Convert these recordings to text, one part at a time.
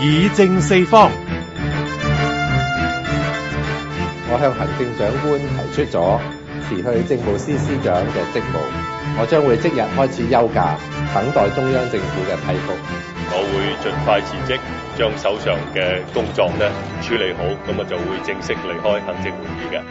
議政四方。我向行政長官提出咗辭去政務司司長嘅職務，我將會即日開始休假，等待中央政府嘅批覆。我會盡快辭職，將手上嘅工作呢處理好，咁我就，就會正式離開行政會議嘅。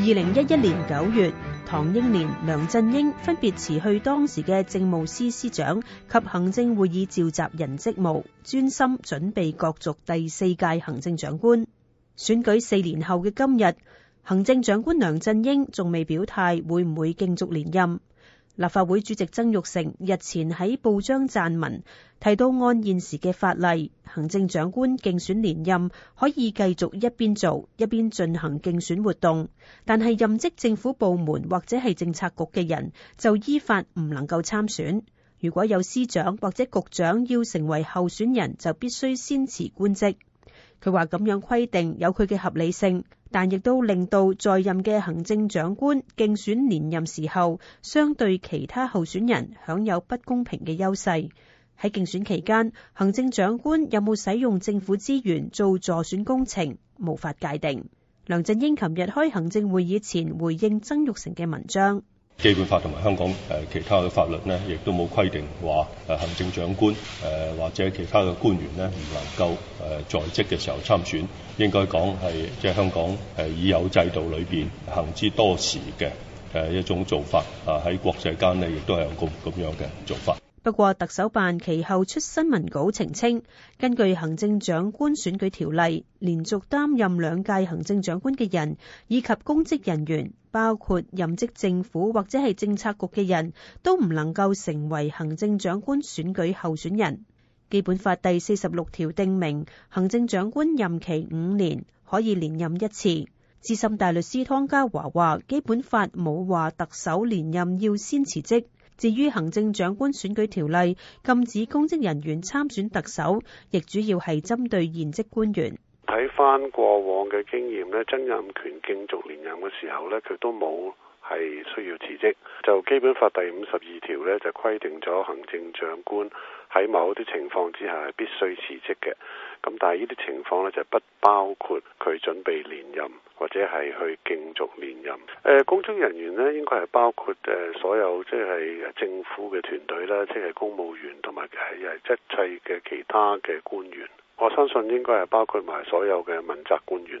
二零一一年九月。唐英年、梁振英分別辭去當時嘅政務司司長及行政會議召集人職務，專心準備角逐第四屆行政長官選舉。四年後嘅今日，行政長官梁振英仲未表態會唔會競逐連任。立法會主席曾鈺成日前喺報章撰文，提到按現時嘅法例，行政長官競選連任可以繼續一邊做一邊進行競選活動，但係任職政府部門或者係政策局嘅人就依法唔能夠參選。如果有司長或者局長要成為候選人，就必須先辭官職。佢話咁樣規定有佢嘅合理性，但亦都令到在任嘅行政長官競選連任時候，相對其他候選人享有不公平嘅優勢。喺競選期間，行政長官有冇使用政府資源做助選工程，無法界定。梁振英琴日開行政會議前回應曾鈺成嘅文章。基本法同埋香港誒其他嘅法律呢，亦都冇規定話誒行政長官誒或者其他嘅官員呢唔能夠誒在職嘅時候參選。應該講係即係香港誒已有制度裏邊行之多時嘅誒一種做法啊！喺國際間呢，亦都係有咁咁樣嘅做法。不過特首辦其後出新聞稿澄清，根據行政長官選舉條例，連續擔任兩屆行政長官嘅人，以及公職人員，包括任職政府或者係政策局嘅人，都唔能夠成為行政長官選舉候選人。基本法第四十六條定明，行政長官任期五年，可以連任。一次。資深大律師湯家華話，基本法冇話特首連任要先辭職。至於行政長官選舉條例禁止公職人員參選特首，亦主要係針對現職官員。睇翻過往嘅經驗呢，曾蔭權競逐連任嘅時候呢，佢都冇係需要辭職，就基本法第五十二條咧，就規定咗行政長官喺某啲情況之下係必須辭職嘅。咁但係呢啲情況咧，就不包括佢準備連任或者係去競逐連任。誒、呃，公職人員呢應該係包括誒所有即係、就是、政府嘅團隊啦，即、就、係、是、公務員同埋誒一切嘅其他嘅官員。我相信應該係包括埋所有嘅問責官員。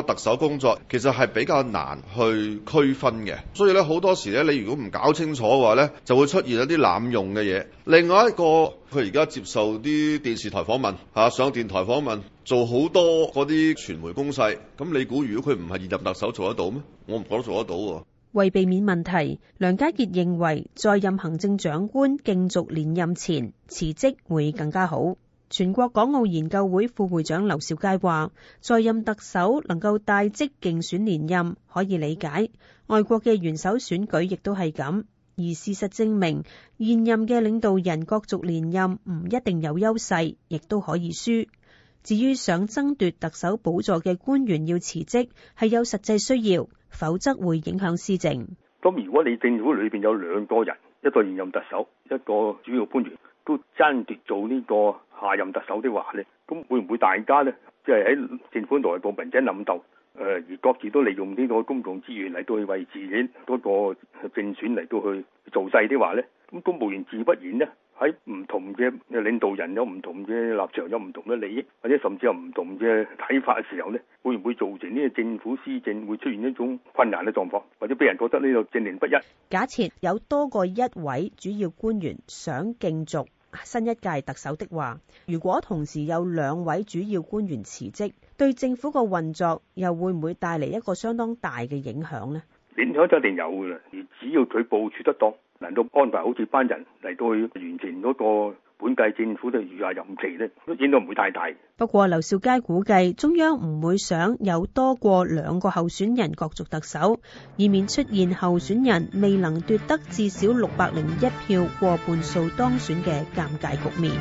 特首工作其實係比較難去區分嘅，所以咧好多時咧，你如果唔搞清楚嘅話咧，就會出現一啲濫用嘅嘢。另外一個，佢而家接受啲電視台訪問嚇，上電台訪問，做好多嗰啲傳媒攻勢。咁你估如果佢唔係現任特首做得到咩？我唔覺得做得到。為避免問題，梁家傑認為在任行政長官競逐連任前辭職會更加好。全國港澳研究會副會長劉兆佳話：在任特首能夠帶職競選連任可以理解，外國嘅元首選舉亦都係咁。而事實證明，現任嘅領導人角逐連任唔一定有優勢，亦都可以輸。至於想爭奪特首寶座嘅官員要辭職，係有實際需要，否則會影響施政。咁如果你政府裏邊有兩個人，一個現任特首，一個主要官員。都爭奪做呢個下任特首的話呢，咁會唔會大家呢，即係喺政府內部民爭諗鬥，誒、呃、而各自都利用呢個公共資源嚟到去為自己嗰個競選嚟到去做勢的話呢，咁公務員自不然呢，喺唔同嘅領導人有唔同嘅立場，有唔同嘅利益，或者甚至有唔同嘅睇法嘅時候呢，會唔會造成呢個政府施政會出現一種困難嘅狀況，或者俾人覺得呢個政令不一？假設有多過一位主要官員想競逐新一屆特首的話，如果同時有兩位主要官員辭職，對政府個運作又會唔會帶嚟一個相當大嘅影響呢？影響一定有噶啦，而只要佢部署得當。能夠安排好這班人嚟到去完成嗰個本屆政府嘅餘下任期咧，風險都唔會太大。不過，劉兆佳估計中央唔會想有多過兩個候選人角逐特首，以免出現候選人未能奪得至少六百零一票過半數當選嘅尷尬局面。